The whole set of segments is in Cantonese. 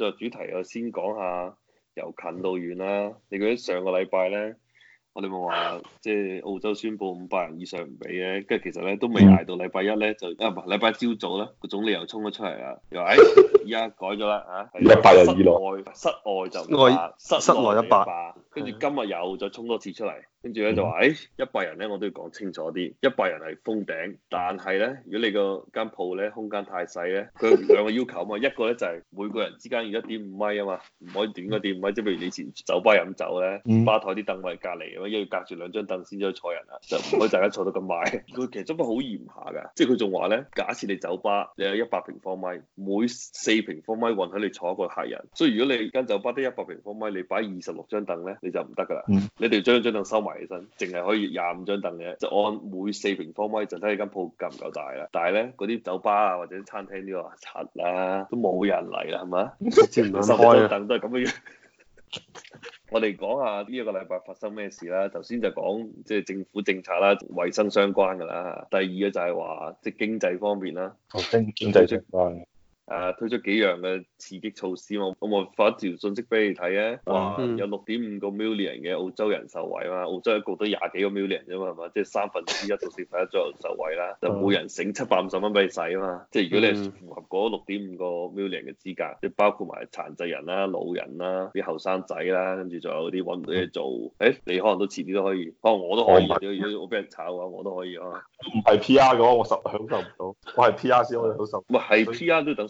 作主題，我先講下由近到遠啦、啊。你覺得上個禮拜咧，我哋咪話即係澳洲宣布五百人以上唔俾嘅，跟住其實咧都未捱到禮拜一咧，就啊唔係禮拜一朝早咧，個總理衝又衝咗出嚟啊，又話誒而家改咗啦嚇，一百人以上室外就室 外室外一百，跟住今日又再衝多次出嚟。跟住咧就話：誒一百人咧，我都要講清楚啲。一百人係封頂，但係咧，如果你個間鋪咧空間太細咧，佢兩個要求啊嘛。一個咧就係每個人之間要一點五米啊嘛，唔可以短過一點五米。即係譬如你以前酒吧飲酒咧，吧台啲凳位隔離咁，要隔住兩張凳先至可以坐人啊，就唔可以大家坐得咁埋。佢其實真係好嚴下㗎，即係佢仲話咧：假設你酒吧你有一百平方米，每四平方米允許你坐一個客人。所以如果你間酒吧得一百平方米，你擺二十六張凳咧，你就唔得㗎啦。你哋要將張凳收埋。起身，淨係可以廿五張凳嘅，就按每四平方米就睇你間鋪夠唔夠大啦。但係咧，嗰啲酒吧啊，或者餐廳呢個慘啦，都冇人嚟啦，係咪？十張凳都係咁嘅樣。 我哋講下呢一個禮拜發生咩事啦。頭先就講即係、就是、政府政策啦，衞生相關㗎啦。第二個就係話即係經濟方面啦、哦。經濟相關。誒推出幾樣嘅刺激措施嘛，我咪發一條信息俾你睇啊，話、嗯、有六點五個 million 嘅澳洲人受惠嘛，澳洲一個都廿幾個 million 啫嘛，係嘛，即係三分之一到四分一左右受惠啦，嗯、就每人省七百五十蚊俾你使啊嘛，即係如果你符合嗰六點五個 million 嘅資格，即包括埋殘疾人啦、啊、老人啦、啊、啲後生仔啦，跟住仲有啲揾唔到嘢做，誒、嗯哎、你可能都遲啲都可以，可、啊、能我都可以，如果我俾人炒嘅話，我都可以啊。唔係 P R 嘅話，我受享受唔到，我係 P R 先，可以享受。唔係 P R 都等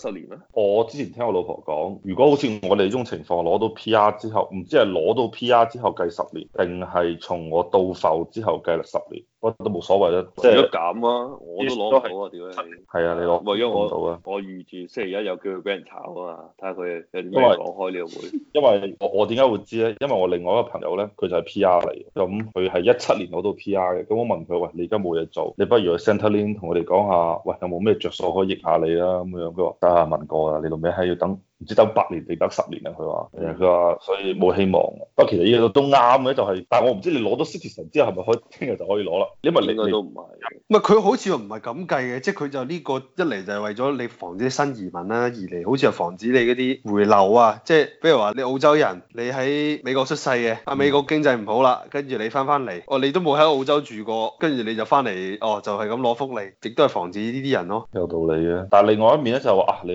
我之前聽我老婆講，如果好似我哋呢種情況，攞到 PR 之後唔知係攞到 PR 之後計十年，定係從我到埠之後計十年？我都冇所謂啦，如果減啊，我都攞唔到啊，屌、就是、你！係啊，你攞，唔到啊！我預住星期一有機會俾人炒啊嘛，睇下佢有啲咩講開呢個會。因為我我點解會知咧？因為我另外一個朋友咧，佢就係 P R 嚟嘅。咁佢係一七年攞到 P R 嘅，咁我問佢：喂，你而家冇嘢做，你不如去 Centrelink 同我哋講下，喂，有冇咩着數可以益下你啦？咁樣佢話：得、啊，問過啦，你個名喺度等。唔知等八年定等十年啊！佢話，佢話所以冇希望、啊。不過其實呢個都啱嘅，就係、是，但係我唔知你攞到 Citizen 之後，係咪可以聽日就可以攞啦？應該都唔係。唔係，佢好似又唔係咁計嘅，即係佢就呢個一嚟就係為咗你防止新移民啦、啊，二嚟好似係防止你嗰啲回流啊，即係比如話你澳洲人，你喺美國出世嘅，啊美國經濟唔好啦，嗯、跟住你翻翻嚟，哦你都冇喺澳洲住過，跟住你就翻嚟，哦就係咁攞福利，亦都係防止呢啲人咯、啊。有道理嘅，但係另外一面咧就係、是、話啊，你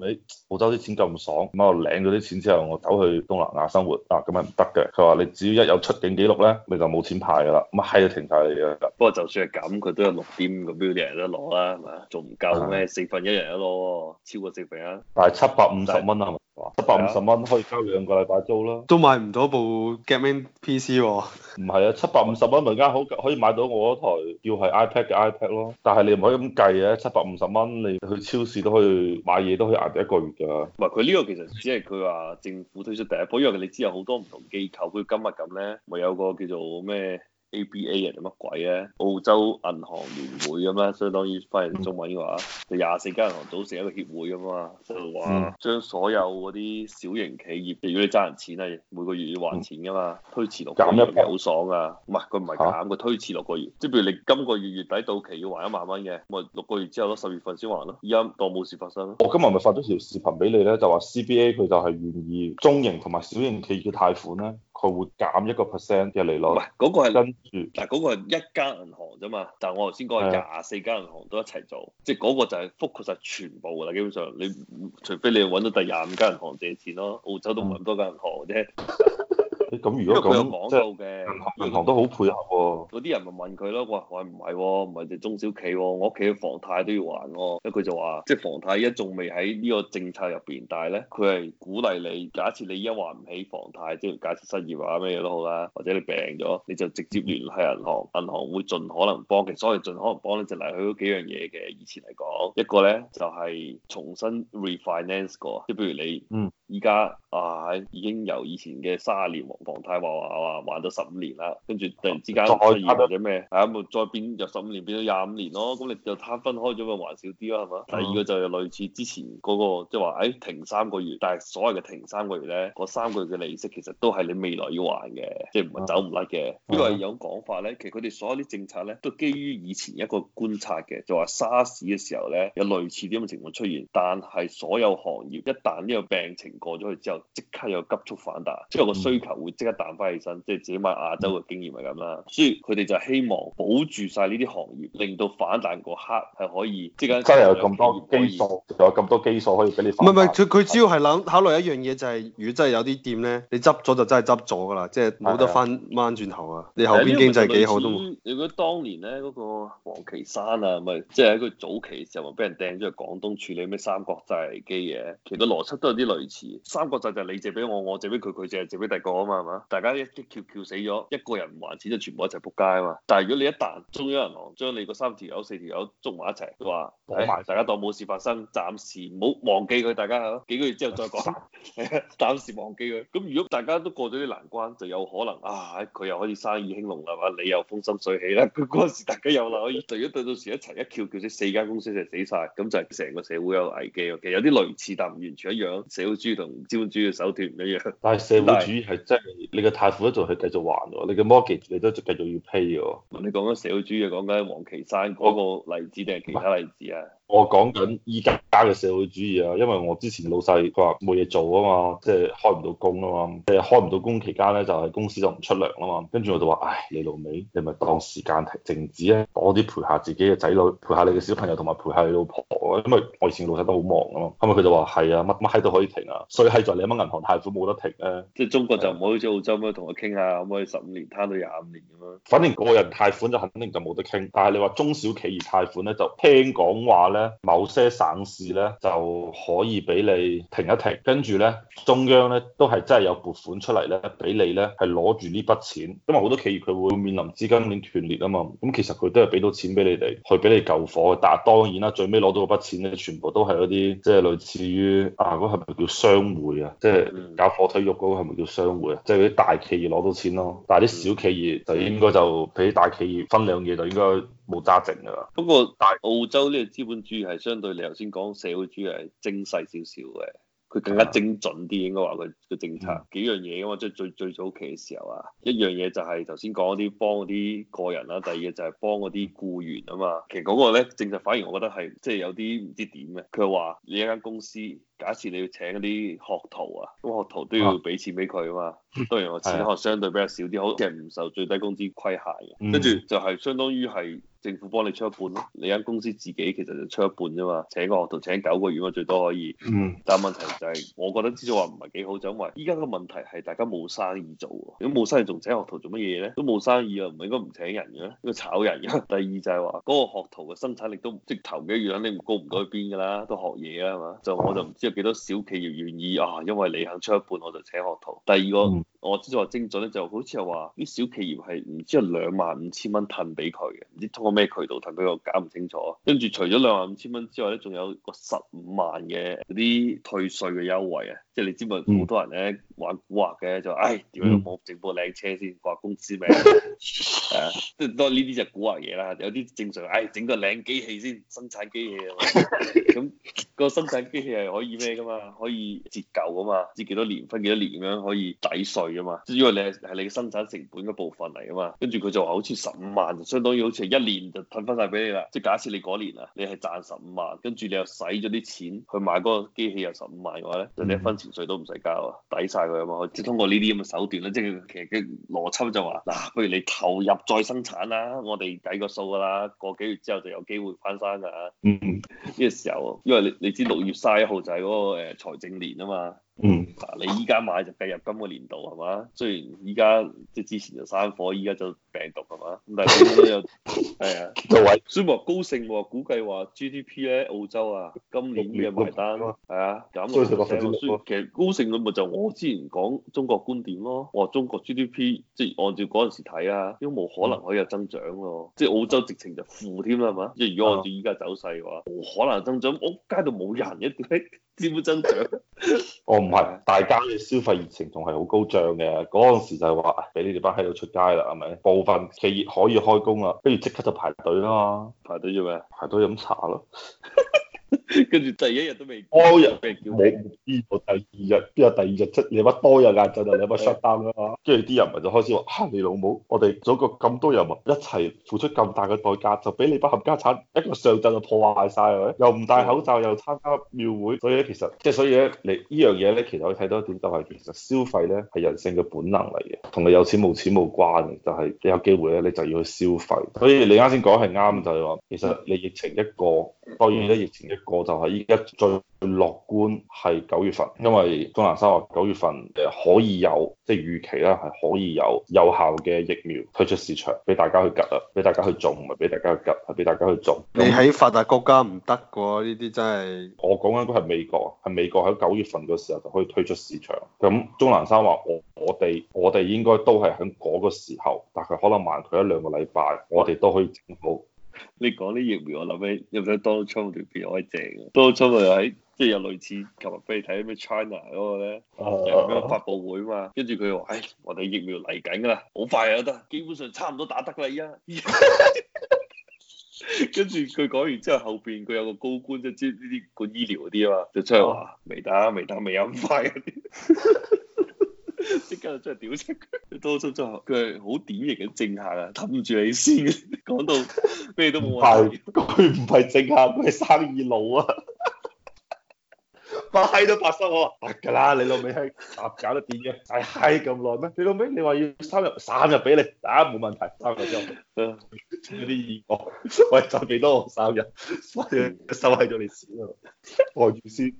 喺澳洲啲錢咁。咁爽，咁我領咗啲錢之後，我走去東南亞生活啊，咁係唔得嘅。佢話你只要一有出境記錄咧，你就冇錢派㗎啦，咁閪就停晒你㗎。不過就算係咁，佢都有六點五個 million 得攞啦，係咪？仲唔夠咩？的四分一人一攞，超過四分一。但係七百五十蚊係咪？哇七百五十蚊可以交兩個禮拜租啦，都買唔到部 Gaming PC 喎。哦。唔係啊，七百五十蚊咪然間好可以買到我嗰台要係 iPad 嘅 iPad 咯。但係你唔可以咁計嘅。啊，七百五十蚊你去超市都可以買嘢，都可以捱得一個月㗎。唔係，佢呢個其實只係佢話政府推出第一波，因為你知有好多唔同機構，佢今日咁呢咪有個叫做咩？ABA 人仲乜鬼啊？澳洲銀行聯會咁啊，相當於翻譯中文嘅話，嗯、就廿四間銀行組成一個協會啊嘛，就話、是、將所有嗰啲小型企業，如果你揸人錢係每個月要還錢噶嘛，推遲六個月好爽啊！唔係佢唔係減，佢、啊、推遲六個月。即係譬如你今個月月底到期要還一萬蚊嘅，咁咪六個月之後咯，十月份先還咯，而家當冇事發生咯。我今日咪發咗條視頻俾你咧，就話 CBA 佢就係願意中型同埋小型企業嘅貸款咧，佢會減一個 percent 嘅利率。唔係嗰個係跟。嗯、但嗰個係一間銀行啫嘛，但係我頭先講係廿四間銀行都一齊做，是的 即係嗰個就係 focus 全部噶啦，基本上你除非你揾到第廿五間銀行借錢咯，澳洲都唔係咁多間銀行啫。 咁如果咁樣講到嘅銀行銀行都好配合喎，啊。嗰啲人咪問佢咯，話話唔係喎，唔係，哦、就係中小企喎，哦，我屋企嘅房貸都要還喎。咁佢就話，即係房貸一仲未喺呢個政策入邊，但係咧，佢係鼓勵你，假設你一還唔起房貸，即係假設失業啊咩嘢都好啦，或者你病咗，你就直接聯繫銀行，銀行會盡可能幫。其實所謂盡可能幫咧，就嚟佢嗰幾樣嘢嘅。以前嚟講，一個咧就係，是，重新 refinance 過，即係譬如你嗯。依家啊已經由以前嘅卅年房貸還還還到十五年啦，跟住突然之間出現或者咩，啊冇再變由十五年變咗廿五年咯，咁你就攤分開咗咪還少啲咯係咪？第二個就係類似之前嗰、那個，即係話誒停三個月，但係所謂嘅停三個月咧，嗰三個月嘅利息其實都係你未來要還嘅，即係唔係走唔甩嘅。啊啊啊、因為有講法咧，其實佢哋所有啲政策咧都基於以前一個觀察嘅，就話沙士嘅時候咧有類似啲咁嘅情況出現，但係所有行業一旦呢個病情，過咗去之後，即刻又急速反彈，即係個需求會即刻彈翻起身，即係自己買亞洲嘅經驗係咁啦。所以佢哋就希望保住晒呢啲行業，令到反彈個刻係可以即刻。真係有咁多基礎，有咁多基礎可以俾你反彈。唔係唔係，佢佢主要係諗考慮一樣嘢，就係、是、如果真係有啲店咧，你執咗就真係執咗噶啦，即係冇得翻掹轉頭啊！你後邊經濟幾好都冇。如果當年咧嗰、那個王岐山啊，咪即係喺佢早期時候咪俾人掟咗去廣東處理咩三國債危機嘅、啊，其實邏輯都有啲類似。三個債就係你借俾我，我借俾佢，佢借借俾第個啊嘛，係嘛？大家一一撬撬死咗，一個人唔還錢就全部一齊仆街啊嘛！但係如果你一旦中央銀行將你個三條友四條友捉埋一齊，佢話埋大家當冇事發生，暫時唔好忘記佢，大家係咯幾個月之後再講。係啊，暫時忘記佢。咁如果大家都過咗啲難關，就有可能啊，佢又可以生意興隆啦，你又風生水起啦。佢嗰陣時大家有啦，可以。但如果到時一齊一撬撬死四間公司就死晒。咁就係成個社會有危機、okay? 有啲類似，但唔完全一樣。社會同資本主義嘅手段唔一樣，但係社會主義係真係，你嘅貸款仲係繼續還喎，你嘅 mortgage 你都仲繼續要 pay 嘅喎。你講緊社會主義，講緊黃岐山嗰個例子定係其他例子啊？我講緊依家嘅社會主義啊，因為我之前老細佢話冇嘢做啊嘛，即係開唔到工啊嘛，即係開唔到工期間咧，就係、是、公司就唔出糧啊嘛。跟住我就話：唉，你老尾，你咪當時間停靜止啊，多啲陪下自己嘅仔女，陪下你嘅小朋友，同埋陪下你老婆啊。因為我以前老細都好忙啊嘛。咁啊，佢就話：係啊，乜乜閪都可以停啊。所以喺在你乜銀行貸款冇得停咧，啊，即係中國就唔好以似澳洲咁同我傾下，可唔可以十五年攤到廿五年咁樣？反正個人貸款就肯定就冇得傾，但係你話中小企業貸款咧，就聽講話咧。某些省市咧就可以俾你停一停，跟住咧中央咧都係真係有撥款出嚟咧，俾你咧係攞住呢筆錢，因為好多企業佢會面臨資金鏈斷裂啊嘛。咁其實佢都係俾到錢俾你哋，去俾你救火嘅。但係當然啦，最尾攞到嗰筆錢咧，全部都係嗰啲即係類似於啊，嗰係咪叫商會啊？即係搞火腿肉嗰個係咪叫商會啊？即係嗰啲大企業攞到錢咯。但係啲小企業就應該就俾大企業分兩嘢，就應該。冇揸正嘅喎是，不過大澳洲呢個資本主義係相對你頭先講社會主義係精細少少嘅。佢更加精準啲，應該話佢個政策幾樣嘢啊嘛，即係最最早期嘅時候啊，一樣嘢就係頭先講啲幫嗰啲個人啦，第二嘢就係幫嗰啲僱員啊嘛，其實嗰個咧政策反而我覺得係即係有啲唔知點嘅，佢話你一間公司。假設你要請啲學徒啊，咁學徒都要俾錢俾佢啊嘛。當然我錢學相對比較少啲，好似係唔受最低工資規限嘅。跟住、嗯、就係相當於係政府幫你出一半，你間公司自己其實就出一半啫嘛。請個學徒請九個月嘛，最多可以。嗯、但問題就係、是、我覺得之所以話唔係幾好，就因為依家個問題係大家冇生意做。如果冇生意仲請學徒做乜嘢咧？都冇生意啊，唔係應該唔請人嘅咩？應該炒人。嘅。第二就係話嗰個學徒嘅生產力都即頭幾樣，你高唔到去邊㗎啦，都學嘢啊嘛。就我就唔知。幾多小企業願意啊？因為你肯出一半，我就請學徒。第二個、嗯、我知話精準咧，就是、好似又話啲小企業係唔知兩萬五千蚊褪俾佢嘅，唔知通過咩渠道褪俾我，搞唔清楚。跟住除咗兩萬五千蚊之外咧，仲有個十五萬嘅啲退稅嘅優惠啊！即、就、係、是、你知唔知？好、嗯、多人咧玩蠱惑嘅就唉，點、哎、樣我整部靚車先掛公司名，係 啊，即係都呢啲就蠱惑嘢啦。有啲正常，唉、哎，整個靚機器先生產機器啊嘛。咁、那個生產機器係可以。咩噶嘛，可以折舊啊嘛，折幾多年、分幾多年咁樣可以抵稅啊嘛。即係因為你係係你嘅生產成本嘅部分嚟啊嘛。跟住佢就話好似十五萬就相當於好似係一年就褪翻晒俾你啦。即係假設你嗰年啊，你係賺十五萬，跟住你又使咗啲錢去買嗰個機器又十五萬嘅話咧，你一分錢稅都唔使交，啊，抵晒佢啊嘛。即係通過呢啲咁嘅手段咧，即係其實嘅邏輯就話嗱、啊，不如你投入再生產啦。我哋計個數噶啦，過幾月之後就有機會翻生噶。呢 個時候，因為你你知六月卅一號就嗰個誒，呃，財政年啊嘛。嗯，嗱，你依家買就計入今個年度係嘛？雖然依家即係之前就生火，依家就病毒係嘛？咁但係點都有係 啊。所以話高盛話估計話 G D P 咧，澳洲啊，今年嘅埋單係不啊，減咗成。所，所其實高盛嘅咪就我之前講中國觀點咯。我話中國 G D P 即係按照嗰陣時睇啊，都冇可能可以有增長咯。嗯、即係澳洲直情就負添啦係嘛？即係如果按照依家走勢嘅話，冇吧可能增長。我街度冇人、啊，一點都冇增長。我唔。唔係，大家嘅消費熱情仲係好高漲嘅。嗰陣時就係話，俾你哋班喺度出街啦，係咪？部分企業可以開工啦，不如即刻就排隊啦。排隊要咩？排隊飲茶咯。 跟住第一日都未多日俾人叫，我第二日邊、哦、有第二日即你乜多日壓陣啊？你乜 shut down 啦？跟住啲人咪就開始話：啊，你老母！我哋祖國咁多人物一齊付出咁大嘅代價，就俾你把冚家鏟一個上陣就破壞晒，係又唔戴口罩，又參加廟會，所以咧、就是，其實即係所以咧，你依樣嘢咧，其實我睇到一點就係、是、其實消費咧係人性嘅本能嚟嘅，同你有錢冇錢冇關嘅，就係、是、你有機會咧，你就要去消費。所以你啱先講係啱，就係、是、話其實你疫情一個，當然咧疫情一個。嗯我就係依家最樂觀係九月份，因為鍾南山話九月份誒可以有，即係預期啦，係可以有有效嘅疫苗推出市場俾大家去拮啊，俾大家去做，唔係俾大家去拮，係俾大家去做。你喺發達國家唔得嘅喎，呢啲真係我講緊都係美國，係美國喺九月份嘅時候就可以推出市場。咁鍾南山話我我哋我哋應該都係喺嗰個時候，大概可能慢佢一兩個禮拜，我哋都可以整好。你講啲疫苗，我諗起有冇睇 Donald Trump 條片好正啊？Donald Trump 咪喺即係有類似琴日俾你睇咩 China 嗰個咧，有咩、uh、發佈會啊嘛？跟住佢話：唉、哎，我哋疫苗嚟緊㗎啦，好快啊得，基本上差唔多打得㗎啦依家。跟住佢講完之後，後邊佢有個高官即係呢啲管醫療嗰啲啊嘛，就出嚟話：未打、未打、未有咁快嗰啲。真係屌聲，多出咗佢係好典型嘅政客啊！氹住你先，講到咩都冇。唔，佢唔係政客，佢生意佬啊！發閪都發濕我。得㗎啦，你老味閪，嚇搞得掂嘅，唉閪咁耐咩？你老味，你話要三日、三日俾你，啊冇問題，三日之後。有啲意外， 喂，再俾多我三日，收喺咗你先啊。我住先。